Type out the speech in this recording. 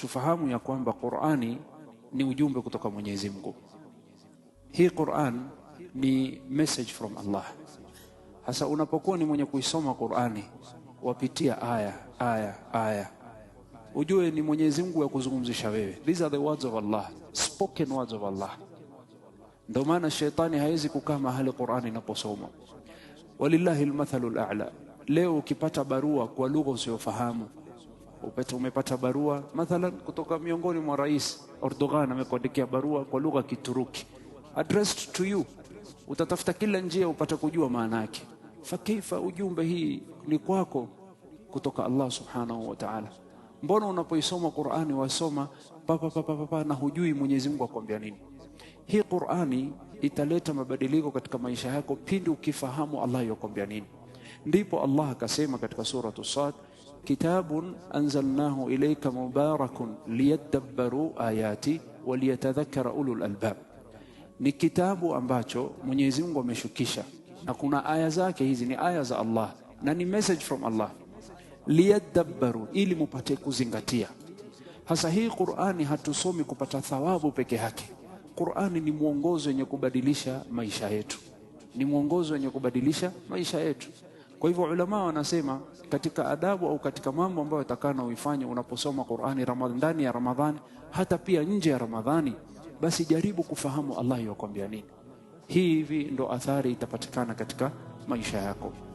tufahamu ya kwamba Qur'ani ni ujumbe kutoka Mwenyezi Mungu. Hii Qur'an ni message from Allah. Hasa unapokuwa ni mwenye kuisoma Qur'ani, wapitia aya aya aya, ujue ni Mwenyezi Mungu yakuzungumzisha wewe. These are the words of Allah, spoken words of Allah. Ndio maana shetani hawezi kukaa mahali Qur'ani inaposoma. Walillahi almathalu a'la. Leo ukipata barua kwa lugha usiyofahamu upate umepata barua mathalan kutoka miongoni mwa rais Erdogan amekuandikia barua kwa lugha Kituruki addressed to you, utatafuta kila njia upata kujua maana yake. Fakaifa, ujumbe hii ni kwako kutoka Allah subhanahu wa ta'ala. Mbona unapoisoma Qur'ani wasoma papa papa papa na hujui Mwenyezi Mungu akwambia nini? Hii Qur'ani italeta mabadiliko katika maisha yako pindi ukifahamu Allah yakwambia nini. Ndipo Allah akasema katika suratu Sad kitabun anzalnahu ilayka mubarakun ليتدبروا ayati وليتذكر ulul albab, ni kitabu ambacho Mwenyezi Mungu ameshukisha na kuna aya zake. Hizi ni aya za Allah na ni message from Allah, liyadabbaru, ili mupate kuzingatia. Hasa hii Qur'ani hatusomi kupata thawabu peke yake. Qur'ani ni mwongozo wenye kubadilisha maisha yetu, ni mwongozo wenye kubadilisha maisha yetu. Kwa hivyo ulama wanasema katika adabu au katika mambo ambayo utakana uifanye unaposoma Qur'ani ndani ya Ramadhani, hata pia nje ya Ramadhani, basi jaribu kufahamu Allah yuakwambia nini. Hii hivi ndo athari itapatikana katika maisha yako.